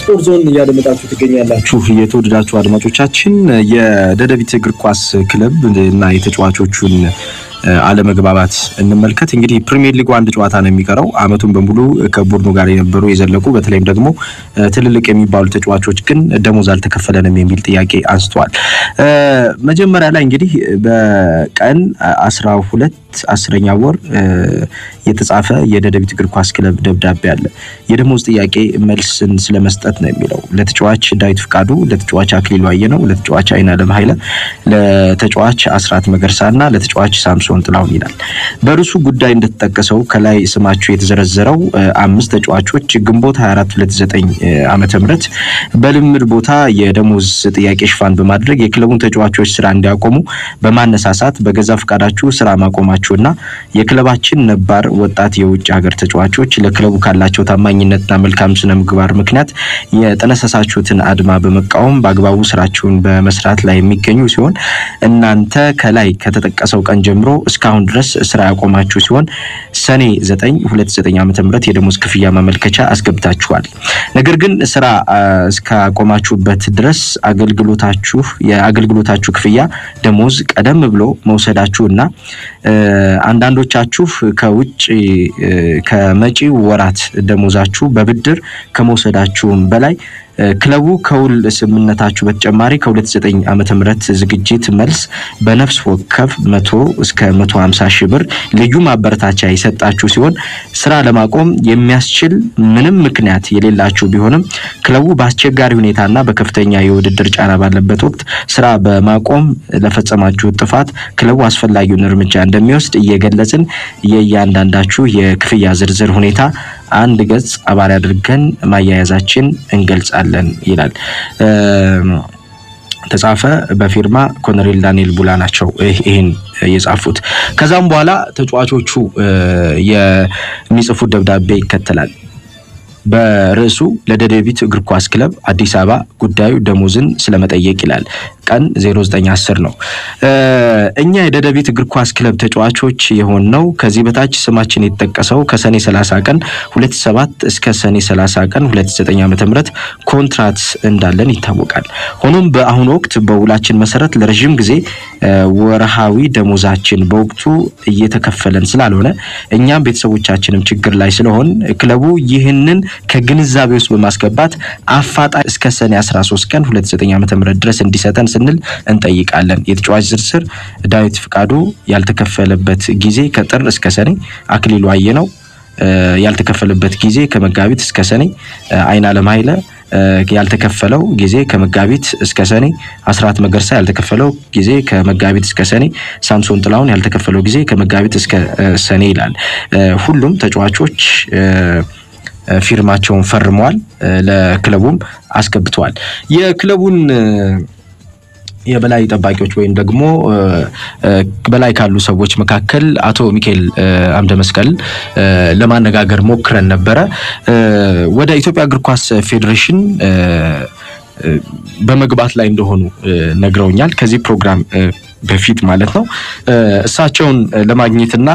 ስፖርት ዞን እያደመጣችሁ ትገኛላችሁ። የተወደዳችሁ አድማጮቻችን የደደቢት እግር ኳስ ክለብ እና የተጫዋቾቹን አለመግባባት እንመልከት። እንግዲህ ፕሪሚየር ሊጉ አንድ ጨዋታ ነው የሚቀረው። አመቱን በሙሉ ከቡድኑ ጋር የነበሩ የዘለቁ በተለይም ደግሞ ትልልቅ የሚባሉ ተጫዋቾች ግን ደሞዝ አልተከፈለንም የሚል ጥያቄ አንስተዋል። መጀመሪያ ላይ እንግዲህ በቀን አስራ ሁለት አስረኛ ወር የተጻፈ የደደቢት እግር ኳስ ክለብ ደብዳቤ አለ። የደሞዝ ጥያቄ መልስን ስለመስጠት ነው የሚለው ለተጫዋች ዳዊት ፍቃዱ፣ ለተጫዋች አክሊሉ አየነው፣ ለተጫዋች አይናለም ኃይለ፣ ለተጫዋች አስራት መገርሳ እና ለተጫዋች ሳምሶ ሲሆን ጥላሁን ይላል። በርሱ ጉዳይ እንደተጠቀሰው ከላይ ስማቸው የተዘረዘረው አምስት ተጫዋቾች ግንቦት 24 2009 ዓመተ ምህረት በልምድ ቦታ የደሞዝ ጥያቄ ሽፋን በማድረግ የክለቡን ተጫዋቾች ስራ እንዲያቆሙ በማነሳሳት በገዛ ፈቃዳችሁ ስራ ማቆማችሁና የክለባችን ነባር ወጣት የውጭ ሀገር ተጫዋቾች ለክለቡ ካላቸው ታማኝነትና መልካም ስነ ምግባር ምክንያት የጠነሰሳችሁትን አድማ በመቃወም በአግባቡ ስራችሁን በመስራት ላይ የሚገኙ ሲሆን እናንተ ከላይ ከተጠቀሰው ቀን ጀምሮ እስካሁን ድረስ ስራ ያቆማችሁ ሲሆን ሰኔ 9 29 ዓ ም የደሞዝ ክፍያ ማመልከቻ አስገብታችኋል። ነገር ግን ስራ እስካቆማችሁበት ድረስ አገልግሎታችሁ የአገልግሎታችሁ ክፍያ ደሞዝ ቀደም ብሎ መውሰዳችሁ እና አንዳንዶቻችሁ ከውጭ ከመጪ ወራት ደሞዛችሁ በብድር ከመውሰዳችሁም በላይ ክለቡ ከውል ስምነታችሁ በተጨማሪ ከ29 ዓመተ ምህረት ዝግጅት መልስ በነፍስ ወከፍ 100 እስከ 150 ሺህ ብር ልዩ ማበረታቻ የሰጣችሁ ሲሆን ስራ ለማቆም የሚያስችል ምንም ምክንያት የሌላችሁ ቢሆንም ክለቡ በአስቸጋሪ ሁኔታና በከፍተኛ የውድድር ጫና ባለበት ወቅት ስራ በማቆም ለፈጸማችሁ ጥፋት ክለቡ አስፈላጊውን እርምጃ እንደሚወስድ እየገለጽን የእያንዳንዳችሁ የክፍያ ዝርዝር ሁኔታ አንድ ገጽ አባሪ አድርገን ማያያዛችን እንገልጻለን ይላል። ተጻፈ በፊርማ ኮሎኔል ዳንኤል ቡላ ናቸው ይህን የጻፉት። ከዛም በኋላ ተጫዋቾቹ የሚጽፉት ደብዳቤ ይከተላል። በርዕሱ ለደደቢት እግር ኳስ ክለብ አዲስ አበባ ጉዳዩ ደሞዝን ስለመጠየቅ ይላል። ቀን 0910 ነው። እኛ የደደቢት እግር ኳስ ክለብ ተጫዋቾች የሆን ነው ከዚህ በታች ስማችን የተጠቀሰው ከሰኔ 30 ቀን 27 እስከ ሰኔ 30 ቀን 29 ምህረት ኮንትራት እንዳለን ይታወቃል። ሆኖም በአሁኑ ወቅት በውላችን መሰረት ለረዥም ጊዜ ወርሃዊ ደሞዛችን በወቅቱ እየተከፈለን ስላልሆነ እኛም ቤተሰቦቻችንም ችግር ላይ ስለሆን ክለቡ ይህንን ከግንዛቤ ውስጥ በማስገባት አፋጣኝ እስከ ሰኔ 13 ቀን 29 ዓ.ም ድረስ እንዲሰጠን ስንል እንጠይቃለን። የተጫዋች ዝርዝር ዳዊት ፍቃዱ ያልተከፈለበት ጊዜ ከጥር እስከ ሰኔ፣ አክሊሉ አየነው ያልተከፈለበት ጊዜ ከመጋቢት እስከ ሰኔ፣ አይናለም ኃይለ ያልተከፈለው ጊዜ ከመጋቢት እስከ ሰኔ፣ አስራት መገርሳ ያልተከፈለው ጊዜ ከመጋቢት እስከ ሰኔ፣ ሳምሶን ጥላሁን ያልተከፈለው ጊዜ ከመጋቢት እስከ ሰኔ ይላል። ሁሉም ተጫዋቾች ፊርማቸውን ፈርመዋል፣ ለክለቡም አስገብተዋል። የክለቡን የበላይ ጠባቂዎች ወይም ደግሞ በላይ ካሉ ሰዎች መካከል አቶ ሚካኤል አምደ መስቀል ለማነጋገር ሞክረን ነበረ። ወደ ኢትዮጵያ እግር ኳስ ፌዴሬሽን በመግባት ላይ እንደሆኑ ነግረውኛል። ከዚህ ፕሮግራም በፊት ማለት ነው። እሳቸውን ለማግኘትና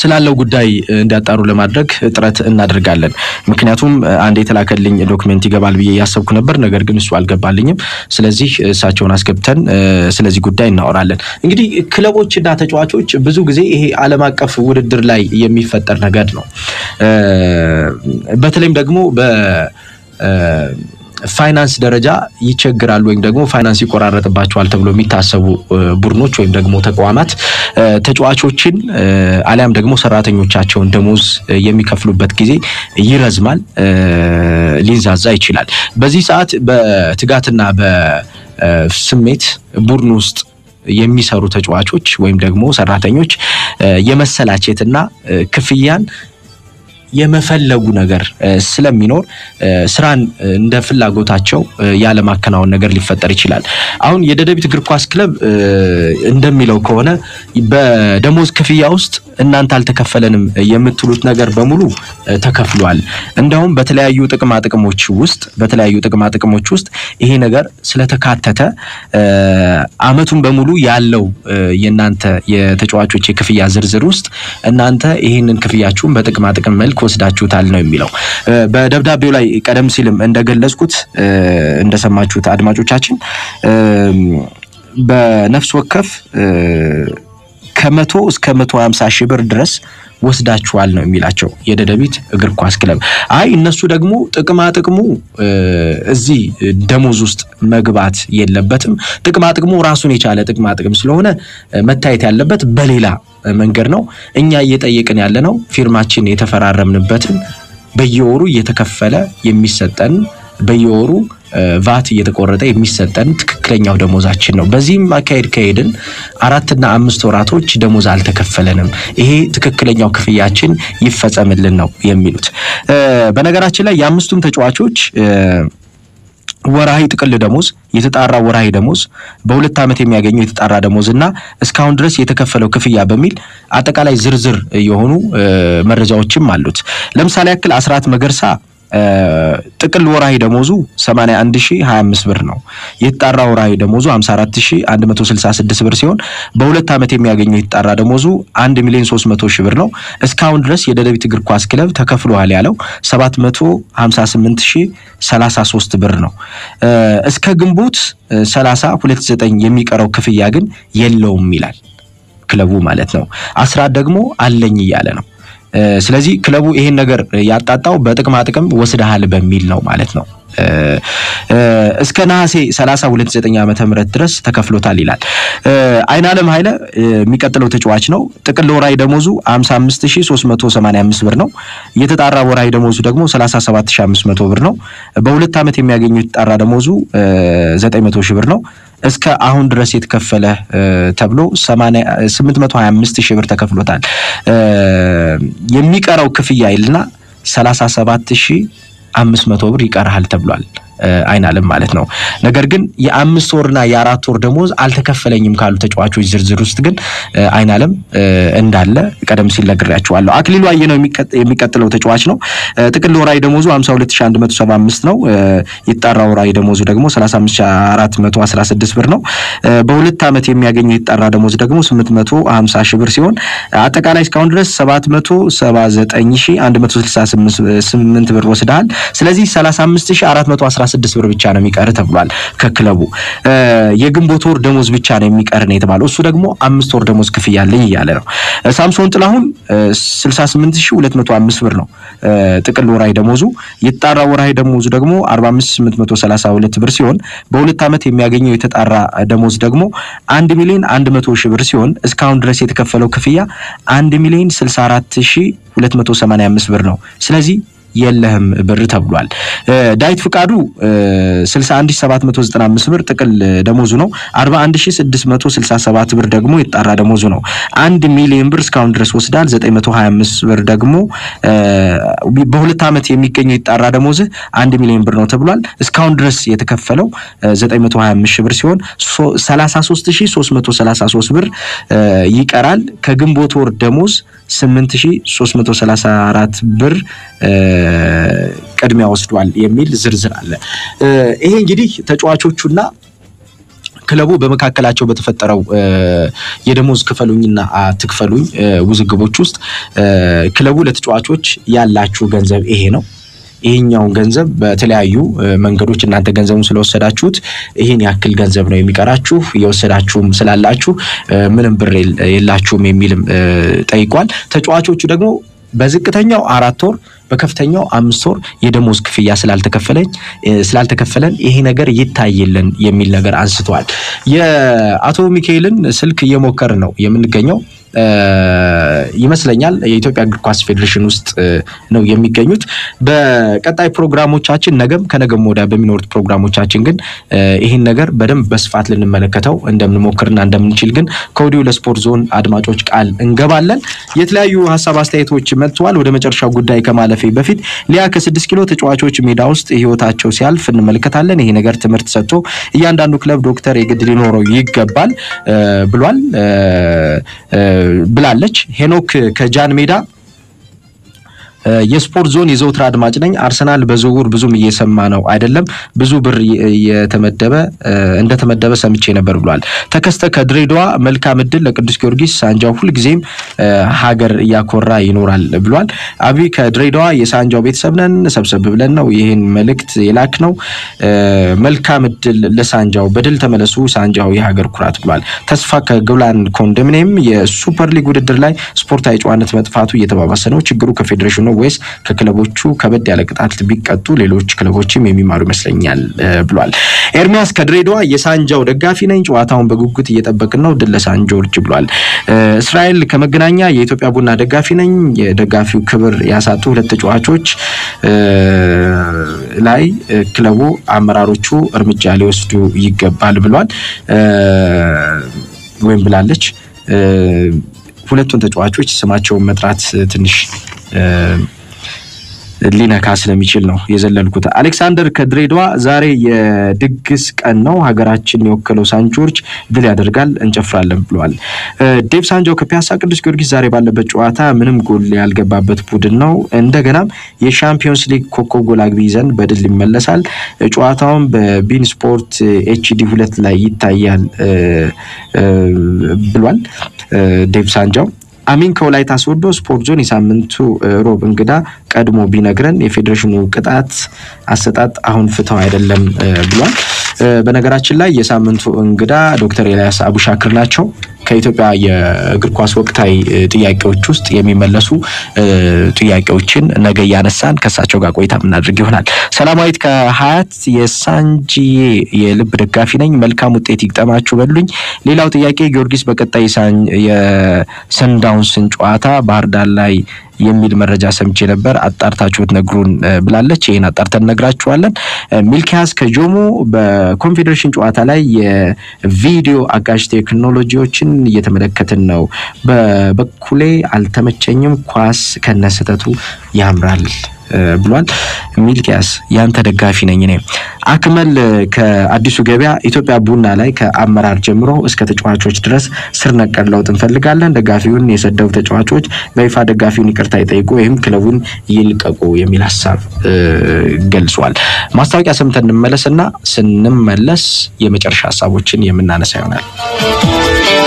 ስላለው ጉዳይ እንዲያጣሩ ለማድረግ ጥረት እናደርጋለን። ምክንያቱም አንድ የተላከልኝ ዶክመንት ይገባል ብዬ ያሰብኩ ነበር፣ ነገር ግን እሱ አልገባልኝም። ስለዚህ እሳቸውን አስገብተን ስለዚህ ጉዳይ እናወራለን። እንግዲህ እና ተጫዋቾች ብዙ ጊዜ ይሄ ዓለም አቀፍ ውድድር ላይ የሚፈጠር ነገር ነው። በተለይም ደግሞ በ ፋይናንስ ደረጃ ይቸግራል ወይም ደግሞ ፋይናንስ ይቆራረጥባቸዋል ተብሎ የሚታሰቡ ቡድኖች ወይም ደግሞ ተቋማት ተጫዋቾችን አሊያም ደግሞ ሰራተኞቻቸውን ደሞዝ የሚከፍሉበት ጊዜ ይረዝማል፣ ሊንዛዛ ይችላል። በዚህ ሰዓት በትጋትና በስሜት ቡድን ውስጥ የሚሰሩ ተጫዋቾች ወይም ደግሞ ሰራተኞች የመሰላቸትና ክፍያን የመፈለጉ ነገር ስለሚኖር ስራን እንደ ፍላጎታቸው ያለማከናወን ነገር ሊፈጠር ይችላል። አሁን የደደቢት እግር ኳስ ክለብ እንደሚለው ከሆነ በደሞዝ ክፍያ ውስጥ እናንተ አልተከፈለንም የምትሉት ነገር በሙሉ ተከፍሏል። እንደውም በተለያዩ ጥቅማ ጥቅሞች ውስጥ በተለያዩ ጥቅማ ጥቅሞች ውስጥ ይሄ ነገር ስለተካተተ አመቱን በሙሉ ያለው የእናንተ የተጫዋቾች የክፍያ ዝርዝር ውስጥ እናንተ ይህንን ክፍያችሁን በጥቅማ ጥቅም መልክ ወስዳችሁታል ነው የሚለው። በደብዳቤው ላይ ቀደም ሲልም እንደገለጽኩት እንደሰማችሁት አድማጮቻችን በነፍስ ወከፍ ከመቶ እስከ መቶ ሀምሳ ሺህ ብር ድረስ ወስዳችኋል ነው የሚላቸው የደደቢት እግር ኳስ ክለብ። አይ እነሱ ደግሞ ጥቅማ ጥቅሙ እዚህ ደሞዝ ውስጥ መግባት የለበትም፣ ጥቅማ ጥቅሙ ራሱን የቻለ ጥቅማ ጥቅም ስለሆነ መታየት ያለበት በሌላ መንገድ ነው። እኛ እየጠየቅን ያለ ነው ፊርማችን የተፈራረምንበትን በየወሩ እየተከፈለ የሚሰጠን በየወሩ ቫት እየተቆረጠ የሚሰጠን ትክክለኛው ደሞዛችን ነው። በዚህም አካሄድ ከሄድን አራትና አምስት ወራቶች ደሞዝ አልተከፈለንም፣ ይሄ ትክክለኛው ክፍያችን ይፈጸምልን ነው የሚሉት። በነገራችን ላይ የአምስቱም ተጫዋቾች ወርሃዊ ጥቅል ደሞዝ፣ የተጣራ ወርሃዊ ደሞዝ፣ በሁለት ዓመት የሚያገኘው የተጣራ ደሞዝ እና እስካሁን ድረስ የተከፈለው ክፍያ በሚል አጠቃላይ ዝርዝር የሆኑ መረጃዎችም አሉት። ለምሳሌ ያክል አስራት መገርሳ ጥቅል ወርሃዊ ደሞዙ 81025 ብር ነው። የተጣራ ወርሃዊ ደሞዙ 54166 ብር ሲሆን በሁለት ዓመት የሚያገኘው የተጣራ ደሞዙ 1 ሚሊዮን 300 ሺህ ብር ነው። እስካሁን ድረስ የደደቢት እግር ኳስ ክለብ ተከፍሏል ያለው 758033 ብር ነው። እስከ ግንቦት 3029 የሚቀረው ክፍያ ግን የለውም ይላል ክለቡ ማለት ነው። አስራት ደግሞ አለኝ እያለ ነው። ስለዚህ ክለቡ ይሄን ነገር ያጣጣው በጥቅማ ጥቅም ወስደሃል በሚል ነው ማለት ነው። እስከ ነሐሴ 30/29 ዓመተ ምህረት ድረስ ተከፍሎታል ይላል። አይናለም ኃይለ የሚቀጥለው ተጫዋች ነው። ጥቅል ወራይ ደሞዙ 55385 ብር ነው። የተጣራ ወራይ ደሞዙ ደግሞ 37500 ብር ነው። በሁለት ዓመት የሚያገኘው የተጣራ ደሞዙ 900 ሺህ ብር ነው። እስከ አሁን ድረስ የተከፈለ ተብሎ 825 ሺህ ብር ተከፍሎታል። የሚቀረው ክፍያ ይልና 37 ሺህ 500 ብር ይቀርሃል ተብሏል። አይን ማለት ነው። ነገር ግን የአምስት ወርና የአራት ወር ደሞዝ አልተከፈለኝም ካሉ ተጫዋቾች ዝርዝር ውስጥ ግን አይን እንዳለ ቀደም ሲል ነግሬያቸዋለሁ። አክሊሉ አየነው የሚቀጥለው ተጫዋች ነው። ጥቅል ወራዊ ደሞዙ 52175 ነው። ይጣራ ወራዊ ደሞዙ ደግሞ 35416 ብር ነው። በሁለት ዓመት የሚያገኘው ይጣራ ደሞዝ ደግሞ 850 ሺህ ብር ሲሆን አጠቃላይ እስካሁን ድረስ 779168 ብር ወስደሃል። ስለዚህ 35416 46 ብር ብቻ ነው የሚቀር ተብሏል። ከክለቡ የግንቦት ወር ደሞዝ ብቻ ነው የሚቀር ነው የተባለው። እሱ ደግሞ አምስት ወር ደሞዝ ክፍያ አለኝ እያለ ነው። ሳምሶን ጥላሁን 68205 ብር ነው ጥቅል ወራይ ደሞዙ። የተጣራ ወራይ ደሞዙ ደግሞ 45832 ብር ሲሆን በሁለት ዓመት የሚያገኘው የተጣራ ደሞዝ ደግሞ 1 ሚሊዮን 100 ሺህ ብር ሲሆን እስካሁን ድረስ የተከፈለው ክፍያ 1 ሚሊዮን 64285 ብር ነው። ስለዚህ የለህም ብር ተብሏል። ዳዊት ፍቃዱ 61795 ብር ጥቅል ደሞዙ ነው። 41667 ብር ደግሞ የተጣራ ደሞዙ ነው። አንድ ሚሊዮን ብር እስካሁን ድረስ ወስዳል። 925 ብር ደግሞ በሁለት ዓመት የሚገኘው የተጣራ ደሞዝህ አንድ ሚሊዮን ብር ነው ተብሏል። እስካሁን ድረስ የተከፈለው 925 ብር ሲሆን 33333 ብር ይቀራል። ከግንቦት ወር ደሞዝ 8334 ብር ቅድሚያ ወስዷል የሚል ዝርዝር አለ። ይሄ እንግዲህ ተጫዋቾቹና ክለቡ በመካከላቸው በተፈጠረው የደሞዝ ክፈሉኝና አትክፈሉኝ ውዝግቦች ውስጥ ክለቡ ለተጫዋቾች ያላችሁ ገንዘብ ይሄ ነው ይሄኛውን ገንዘብ በተለያዩ መንገዶች እናንተ ገንዘቡን ስለወሰዳችሁት ይህን ያክል ገንዘብ ነው የሚቀራችሁ፣ የወሰዳችሁም ስላላችሁ ምንም ብር የላችሁም የሚልም ጠይቋል። ተጫዋቾቹ ደግሞ በዝቅተኛው አራት ወር በከፍተኛው አምስት ወር የደሞዝ ክፍያ ስላልተከፈለኝ ስላልተከፈለን ይሄ ነገር ይታይልን የሚል ነገር አንስተዋል። የአቶ ሚካኤልን ስልክ እየሞከር ነው የምንገኘው። ይመስለኛል የኢትዮጵያ እግር ኳስ ፌዴሬሽን ውስጥ ነው የሚገኙት። በቀጣይ ፕሮግራሞቻችን ነገም ከነገም ወዲያ በሚኖሩት ፕሮግራሞቻችን ግን ይህን ነገር በደንብ በስፋት ልንመለከተው እንደምንሞክርና እንደምንችል ግን ከወዲሁ ለስፖርት ዞን አድማጮች ቃል እንገባለን። የተለያዩ ሀሳብ አስተያየቶች መጥተዋል ወደ መጨረሻው ጉዳይ ከማለፌ በፊት ሊያ ከስድስት ኪሎ ተጫዋቾች ሜዳ ውስጥ ህይወታቸው ሲያልፍ እንመለከታለን። ይሄ ነገር ትምህርት ሰጥቶ እያንዳንዱ ክለብ ዶክተር የግድ ሊኖረው ይገባል ብሏል። ብላለች። ሄኖክ ከጃን ሜዳ የስፖርት ዞን የዘውትር አድማጭ ነኝ። አርሰናል በዝውውር ብዙም እየሰማ ነው አይደለም፣ ብዙ ብር የተመደበ እንደተመደበ ሰምቼ ነበር ብሏል። ተከስተ ከድሬዳዋ መልካም እድል ለቅዱስ ጊዮርጊስ ሳንጃው ሁልጊዜም ሀገር እያኮራ ይኖራል ብሏል። አቢ ከድሬዳዋ የሳንጃው ቤተሰብ ነን፣ ሰብሰብ ብለን ነው ይህን መልእክት የላክ ነው። መልካም እድል ለሳንጃው፣ በድል ተመለሱ ሳንጃው የሀገር ኩራት ብሏል። ተስፋ ከግብላን ኮንዶሚኒየም የሱፐር ሊግ ውድድር ላይ ስፖርታዊ ጨዋነት መጥፋቱ እየተባባሰ ነው። ችግሩ ከፌዴሬሽኑ ነው ወይስ ከክለቦቹ ከበድ ያለ ቅጣት ቢቀጡ ሌሎች ክለቦችም የሚማሩ ይመስለኛል ብሏል። ኤርሚያስ ከድሬዳዋ የሳንጃው ደጋፊ ነኝ፣ ጨዋታውን በጉጉት እየጠበቅን ነው፣ ድል ለሳን ጆርጅ ብሏል። እስራኤል ከመገናኛ የኢትዮጵያ ቡና ደጋፊ ነኝ። የደጋፊው ክብር ያሳጡ ሁለት ተጫዋቾች ላይ ክለቡ አመራሮቹ እርምጃ ሊወስዱ ይገባል ብሏል ወይም ብላለች። ሁለቱን ተጫዋቾች ስማቸውን መጥራት ትንሽ ሊነካ ስለሚችል ነው የዘለልኩት። አሌክሳንደር ከድሬዳዋ ዛሬ የድግስ ቀን ነው፣ ሀገራችን የወከለው ሳንጆርጅ ድል ያደርጋል እንጨፍራለን ብለዋል። ዴቭ ሳንጃው ከፒያሳ ቅዱስ ጊዮርጊስ ዛሬ ባለበት ጨዋታ ምንም ጎል ያልገባበት ቡድን ነው። እንደገናም የሻምፒዮንስ ሊግ ኮከብ ጎል አግቢ ይዘን በድል ይመለሳል። ጨዋታውን በቢን ስፖርት ኤችዲ ሁለት ላይ ይታያል ብሏል ዴቭ ሳንጃው አሚን ከወላይታ ሶዶ ስፖርት ዞን የሳምንቱ ሮብ እንግዳ ቀድሞ ቢነግረን የፌዴሬሽኑ ቅጣት አሰጣጥ አሁን ፍትው አይደለም ብሏል። በነገራችን ላይ የሳምንቱ እንግዳ ዶክተር ኤልያስ አቡሻክር ናቸው። ከኢትዮጵያ የእግር ኳስ ወቅታዊ ጥያቄዎች ውስጥ የሚመለሱ ጥያቄዎችን ነገ እያነሳን ከእሳቸው ጋር ቆይታ የምናደርግ ይሆናል። ሰላማዊት ከሀያት የሳንጂዬ የልብ ደጋፊ ነኝ። መልካም ውጤት ይግጠማችሁ በሉኝ። ሌላው ጥያቄ ጊዮርጊስ በቀጣይ የሰንዳውንስን ጨዋታ ባህር ዳር ላይ የሚል መረጃ ሰምቼ ነበር፣ አጣርታችሁት ነግሩን ብላለች። ይህን አጣርተን እነግራችኋለን። ሚልኪያስ ከጆሞ በኮንፌዴሬሽን ጨዋታ ላይ የቪዲዮ አጋዥ ቴክኖሎጂዎችን እየተመለከትን ነው። በበኩሌ አልተመቸኝም። ኳስ ከነስህተቱ ያምራል። ብሏል። ሚልኪያስ ያንተ ደጋፊ ነኝ እኔ። አክመል ከአዲሱ ገበያ ኢትዮጵያ ቡና ላይ ከአመራር ጀምሮ እስከ ተጫዋቾች ድረስ ስር ነቀል ለውጥ እንፈልጋለን። ደጋፊውን የሰደቡ ተጫዋቾች በይፋ ደጋፊውን ይቅርታ ይጠይቁ ወይም ክለቡን ይልቀቁ የሚል ሀሳብ ገልጿል። ማስታወቂያ ሰምተን እንመለስና ስንመለስ የመጨረሻ ሀሳቦችን የምናነሳ ይሆናል።